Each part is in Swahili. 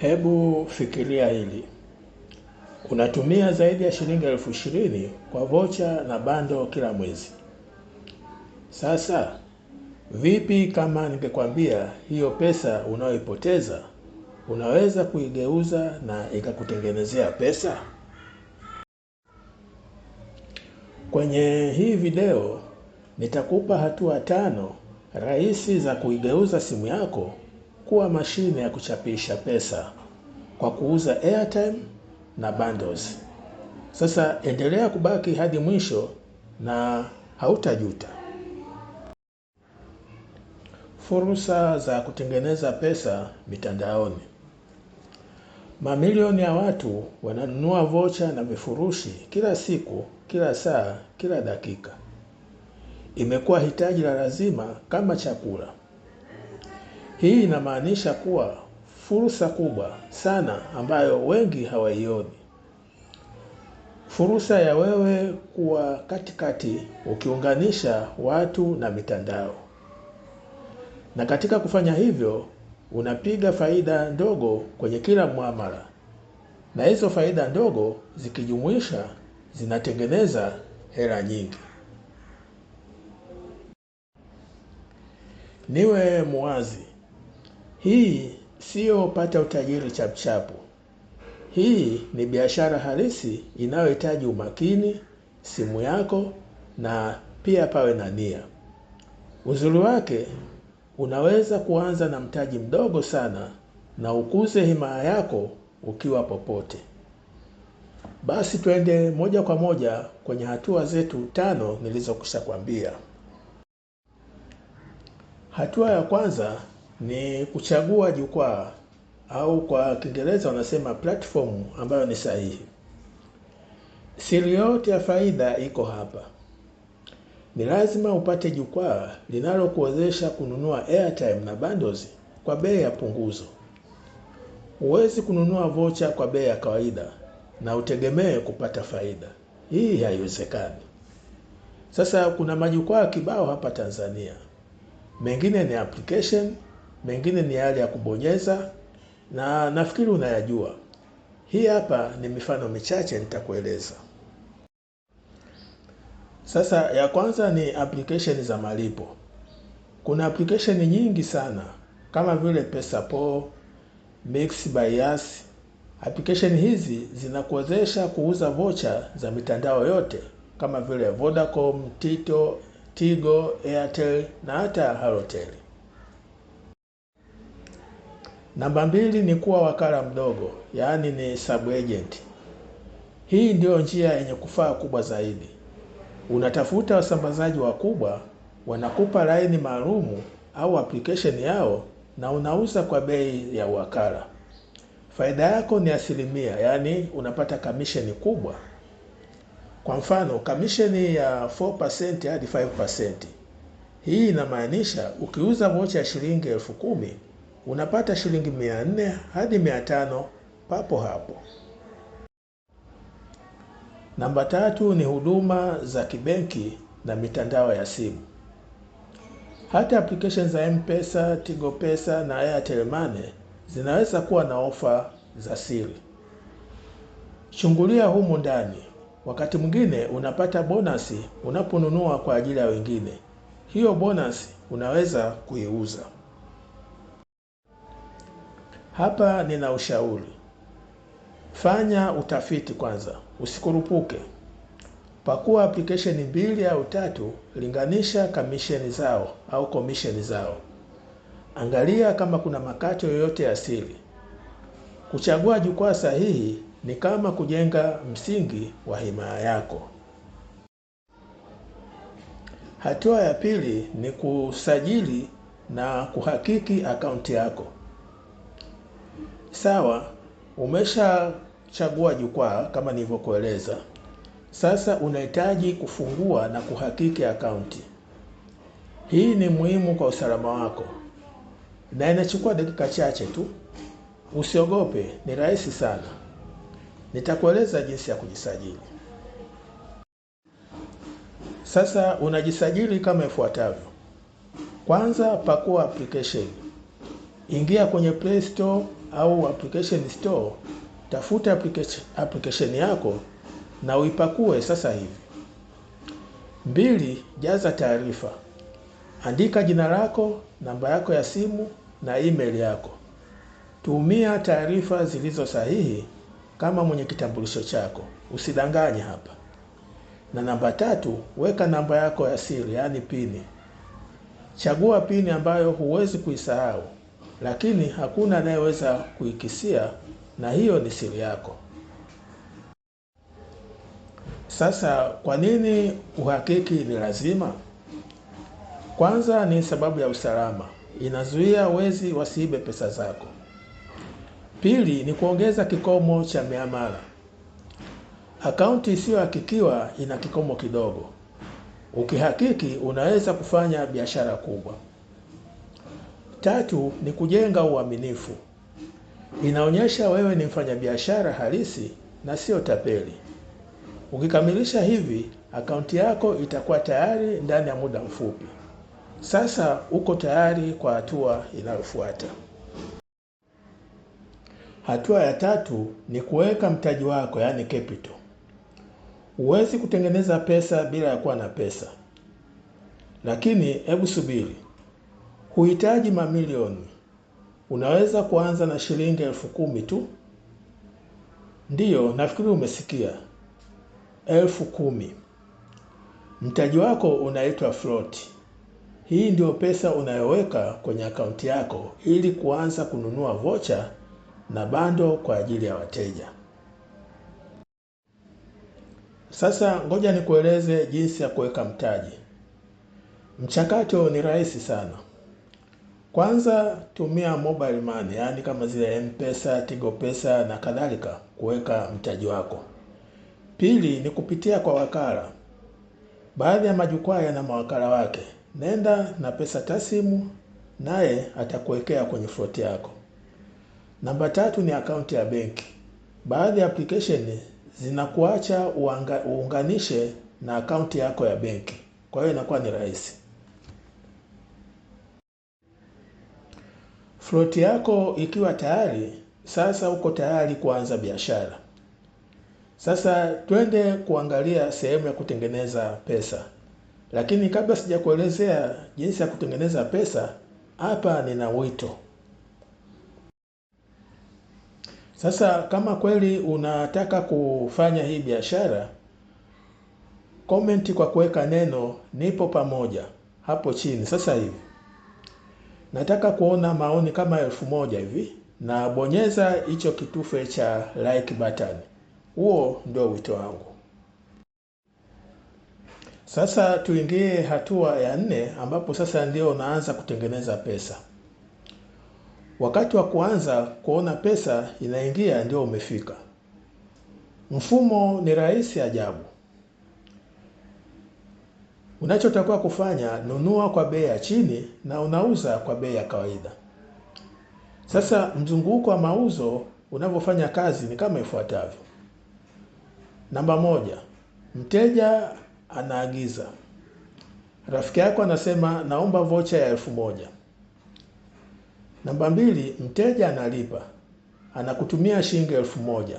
Hebu fikiria hili, unatumia zaidi ya shilingi elfu ishirini kwa vocha na bando kila mwezi. Sasa vipi kama ningekwambia hiyo pesa unayoipoteza unaweza kuigeuza na ikakutengenezea pesa? Kwenye hii video nitakupa hatua tano rahisi za kuigeuza simu yako kuwa mashine ya kuchapisha pesa kwa kuuza airtime na bundles. Sasa endelea kubaki hadi mwisho na hautajuta. Fursa za kutengeneza pesa mitandaoni. Mamilioni ya watu wananunua vocha na vifurushi kila siku, kila saa, kila dakika. Imekuwa hitaji la lazima kama chakula. Hii inamaanisha kuwa fursa kubwa sana ambayo wengi hawaioni, fursa ya wewe kuwa katikati ukiunganisha watu na mitandao, na katika kufanya hivyo unapiga faida ndogo kwenye kila muamala, na hizo faida ndogo zikijumuisha zinatengeneza hela nyingi. Niwe muwazi hii siyo pata utajiri chapchapu. Hii ni biashara halisi inayohitaji umakini, simu yako na pia pawe na nia. Uzuri wake unaweza kuanza na mtaji mdogo sana na ukuze himaya yako ukiwa popote. Basi twende moja kwa moja kwenye hatua zetu tano nilizokwisha kwambia. Hatua ya kwanza ni kuchagua jukwaa au kwa Kiingereza wanasema platform ambayo ni sahihi. Siri yote ya faida iko hapa. Ni lazima upate jukwaa linalokuwezesha kununua airtime na bundles kwa bei ya punguzo. Huwezi kununua vocha kwa bei ya kawaida na utegemee kupata faida. Hii haiwezekani. Sasa kuna majukwaa kibao hapa Tanzania, mengine ni application mengine ni yale ya kubonyeza, na nafikiri unayajua. Hii hapa ni mifano michache nitakueleza. Sasa ya kwanza ni application za malipo. Kuna application nyingi sana kama vile PesaPal, Mix by Us. Application hizi zinakuwezesha kuuza vocha za mitandao yote kama vile Vodacom, Tito, Tigo, Airtel na hata Halotel. Namba mbili ni kuwa wakala mdogo, yaani ni agent. Hii ndiyo njia yenye kufaa kubwa zaidi. Unatafuta wasambazaji wakubwa, wanakupa laini maalumu au application yao na unauza kwa bei ya wakala. Faida yako ni asilimia, yaani unapata kamisheni kubwa. Kwa mfano, kamisheni ya 4% hadi 5%. Hii inamaanisha ukiuza mocha ya shilingi elfu kumi unapata shilingi mia hadi mia papo hapo. Namba tatu ni huduma za kibenki na mitandao ya simu. Hata application za M-Pesa, Tigo Pesa na Airtel Money zinaweza kuwa na ofa za siri. Chungulia humu ndani. Wakati mwingine unapata bonasi unaponunua kwa ajili ya wengine. Hiyo bonasi unaweza kuiuza. Hapa nina ushauri, fanya utafiti kwanza, usikurupuke. Pakua application mbili au tatu, linganisha kamisheni zao au komisheni zao. Angalia kama kuna makato yoyote ya asili. Kuchagua jukwaa sahihi ni kama kujenga msingi wa himaya yako. Hatua ya pili ni kusajili na kuhakiki akaunti yako. Sawa, umeshachagua jukwaa kama nilivyokueleza. Sasa unahitaji kufungua na kuhakiki akaunti. Hii ni muhimu kwa usalama wako na inachukua dakika chache tu. Usiogope, ni rahisi sana. Nitakueleza jinsi ya kujisajili. Sasa unajisajili kama ifuatavyo. Kwanza, pakua application, ingia kwenye Play Store au application store, tafuta application, application yako na uipakue sasa hivi. Mbili, jaza taarifa. Andika jina lako, namba yako ya simu na email yako. Tumia taarifa zilizo sahihi kama mwenye kitambulisho chako, usidanganye hapa. Na namba tatu, weka namba yako ya siri, yaani pini. Chagua pini ambayo huwezi kuisahau lakini hakuna anayeweza kuikisia, na hiyo ni siri yako. Sasa kwa nini uhakiki ni lazima? Kwanza ni sababu ya usalama, inazuia wezi wasiibe pesa zako. Pili ni kuongeza kikomo cha miamala. Akaunti isiyohakikiwa ina kikomo kidogo. Ukihakiki unaweza kufanya biashara kubwa. Tatu ni kujenga uaminifu. Inaonyesha wewe ni mfanyabiashara halisi na sio tapeli. Ukikamilisha hivi, akaunti yako itakuwa tayari ndani ya muda mfupi. Sasa uko tayari kwa hatua inayofuata. Hatua ya tatu ni kuweka mtaji wako, yaani capital. Huwezi kutengeneza pesa bila ya kuwa na pesa, lakini hebu subiri. Huhitaji mamilioni, unaweza kuanza na shilingi elfu kumi tu. Ndiyo, nafikiri umesikia, elfu kumi. Mtaji wako unaitwa float. Hii ndio pesa unayoweka kwenye akaunti yako ili kuanza kununua vocha na bando kwa ajili ya wateja. Sasa ngoja nikueleze jinsi ya kuweka mtaji. Mchakato ni rahisi sana. Kwanza tumia mobile money, yaani kama zile Mpesa, Tigo Pesa na kadhalika kuweka mtaji wako. Pili ni kupitia kwa wakala. Baadhi ya majukwaa yana mawakala wake. Nenda na pesa tasimu naye atakuwekea kwenye floti yako. Namba tatu ni akaunti ya benki. Baadhi ya application zinakuacha uunganishe na akaunti yako ya benki. Kwa hiyo inakuwa ni rahisi. Floti yako ikiwa tayari, sasa uko tayari kuanza biashara. Sasa twende kuangalia sehemu ya kutengeneza pesa, lakini kabla sijakuelezea jinsi ya kutengeneza pesa, hapa nina wito. Sasa kama kweli unataka kufanya hii biashara, komenti kwa kuweka neno nipo pamoja hapo chini sasa hivi. Nataka kuona maoni kama elfu moja hivi na bonyeza hicho kitufe cha like button. Huo ndio wito wangu. Sasa tuingie hatua ya nne ambapo sasa ndio unaanza kutengeneza pesa. Wakati wa kuanza kuona pesa inaingia ndio umefika. Mfumo ni rahisi ajabu. Unachotakiwa kufanya, nunua kwa bei ya chini na unauza kwa bei ya kawaida. Sasa mzunguko wa mauzo unavyofanya kazi ni kama ifuatavyo. Namba moja, mteja anaagiza, rafiki yako anasema naomba vocha ya elfu moja. Namba mbili, mteja analipa, anakutumia shilingi elfu moja.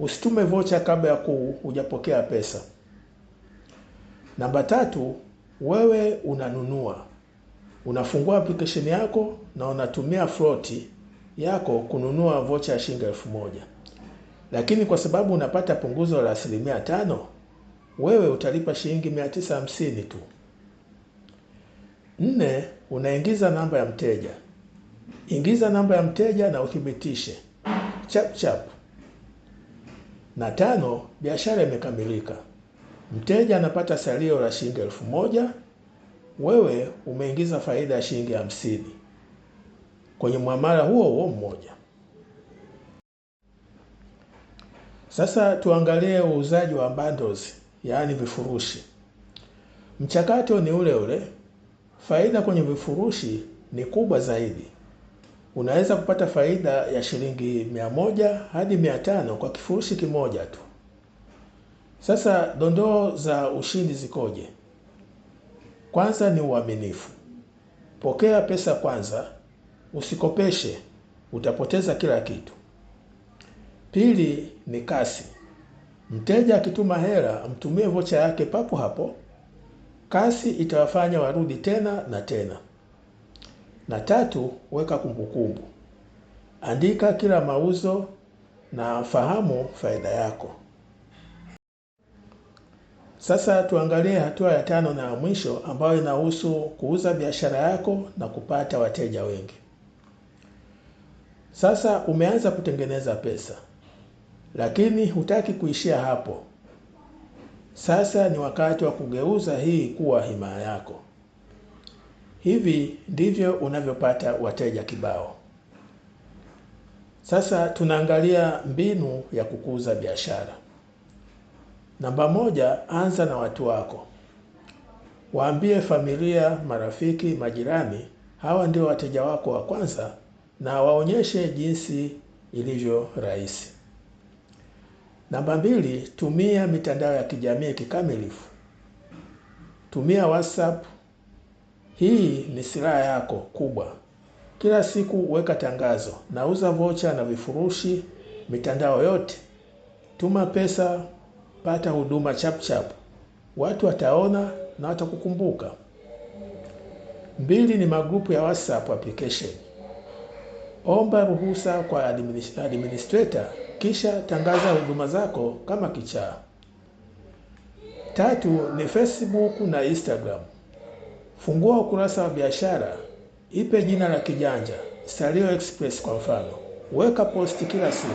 Usitume vocha kabla ya hujapokea pesa. Namba tatu, wewe unanunua, unafungua application yako na unatumia floti yako kununua vocha ya shilingi elfu moja lakini kwa sababu unapata punguzo la asilimia tano wewe utalipa shilingi mia tisa hamsini tu. Nne, unaingiza namba ya mteja. Ingiza namba ya mteja na uthibitishe chap chap. Na tano, biashara imekamilika. Mteja anapata salio la shilingi elfu moja, wewe umeingiza faida ya shilingi hamsini kwenye muamala huo huo mmoja. Sasa tuangalie uuzaji wa bundles, yaani vifurushi. Mchakato ni ule ule, faida kwenye vifurushi ni kubwa zaidi. Unaweza kupata faida ya shilingi mia moja hadi mia tano kwa kifurushi kimoja tu. Sasa dondoo za ushindi zikoje? Kwanza ni uaminifu. Pokea pesa kwanza, usikopeshe, utapoteza kila kitu. Pili ni kasi. Mteja akituma hela, mtumie vocha yake papo hapo. Kasi itawafanya warudi tena na tena. Na tatu, weka kumbukumbu. Andika kila mauzo na fahamu faida yako. Sasa tuangalie hatua ya tano na ya mwisho ambayo inahusu kuuza biashara yako na kupata wateja wengi. Sasa umeanza kutengeneza pesa, lakini hutaki kuishia hapo. Sasa ni wakati wa kugeuza hii kuwa himaya yako. Hivi ndivyo unavyopata wateja kibao. Sasa tunaangalia mbinu ya kukuza biashara. Namba moja, anza na watu wako. Waambie familia, marafiki, majirani, hawa ndio wateja wako wa kwanza na waonyeshe jinsi ilivyo rahisi. Namba mbili, tumia mitandao ya kijamii kikamilifu. Tumia WhatsApp. Hii ni silaha yako kubwa. Kila siku weka tangazo, nauza vocha na vifurushi mitandao yote. Tuma pesa pata huduma chapchap, watu wataona na watakukumbuka. Mbili ni magrupu ya WhatsApp application. Omba ruhusa kwa administrator, kisha tangaza huduma zako kama kichaa. Tatu ni Facebook na Instagram. Fungua ukurasa wa biashara, ipe jina la kijanja Salio Express kwa mfano, weka posti kila siku.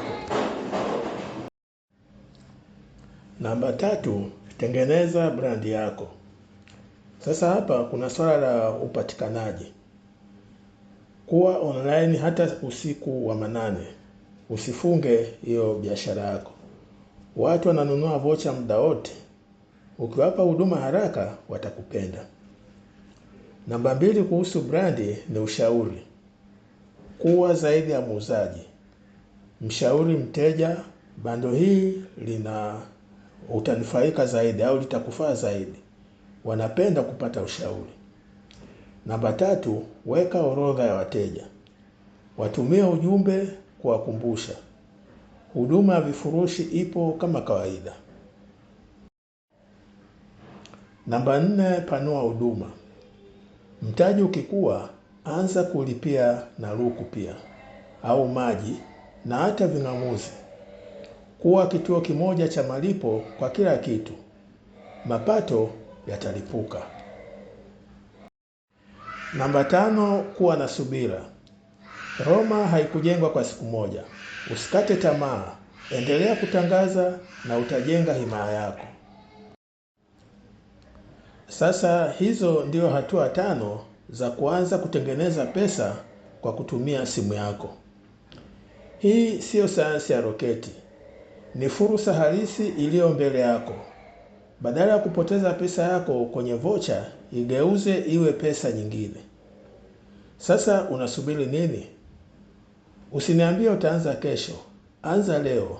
Namba tatu, tengeneza brandi yako. Sasa hapa kuna swala la upatikanaji. Kuwa online hata usiku wa manane. Usifunge hiyo biashara yako. Watu wananunua vocha muda wote. Ukiwapa huduma haraka watakupenda. Namba mbili kuhusu brandi ni ushauri. Kuwa zaidi ya muuzaji. Mshauri mteja, bando hii lina utanufaika zaidi au litakufaa zaidi. Wanapenda kupata ushauri. Namba tatu, weka orodha ya wateja. Watumia ujumbe kuwakumbusha. Huduma ya vifurushi ipo kama kawaida. Namba nne, panua huduma. Mtaji ukikua, anza kulipia na luku pia au maji na hata ving'amuzi kuwa kituo kimoja cha malipo kwa kila kitu, mapato yatalipuka. Namba tano, kuwa na subira. Roma haikujengwa kwa siku moja. Usikate tamaa, endelea kutangaza na utajenga himaya yako. Sasa hizo ndio hatua tano za kuanza kutengeneza pesa kwa kutumia simu yako. Hii siyo sayansi ya roketi ni fursa halisi iliyo mbele yako. Badala ya kupoteza pesa yako kwenye vocha, igeuze iwe pesa nyingine. Sasa unasubiri nini? Usiniambie utaanza kesho, anza leo.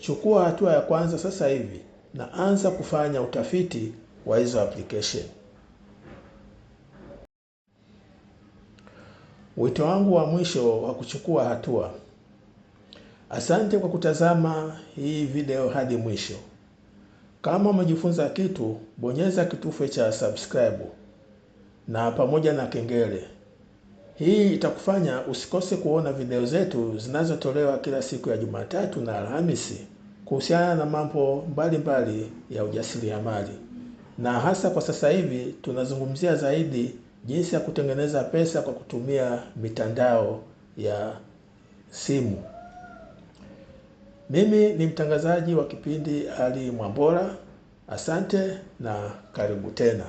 Chukua hatua ya kwanza sasa hivi na anza kufanya utafiti wa hizo application. Wito wangu wa mwisho wa kuchukua hatua Asante kwa kutazama hii video hadi mwisho. Kama umejifunza kitu, bonyeza kitufe cha subscribe na pamoja na kengele. Hii itakufanya usikose kuona video zetu zinazotolewa kila siku ya Jumatatu na Alhamisi kuhusiana na mambo mbalimbali ya ujasiriamali, na hasa kwa sasa hivi tunazungumzia zaidi jinsi ya kutengeneza pesa kwa kutumia mitandao ya simu. Mimi ni mtangazaji wa kipindi Ali Mwambola. Asante na karibu tena.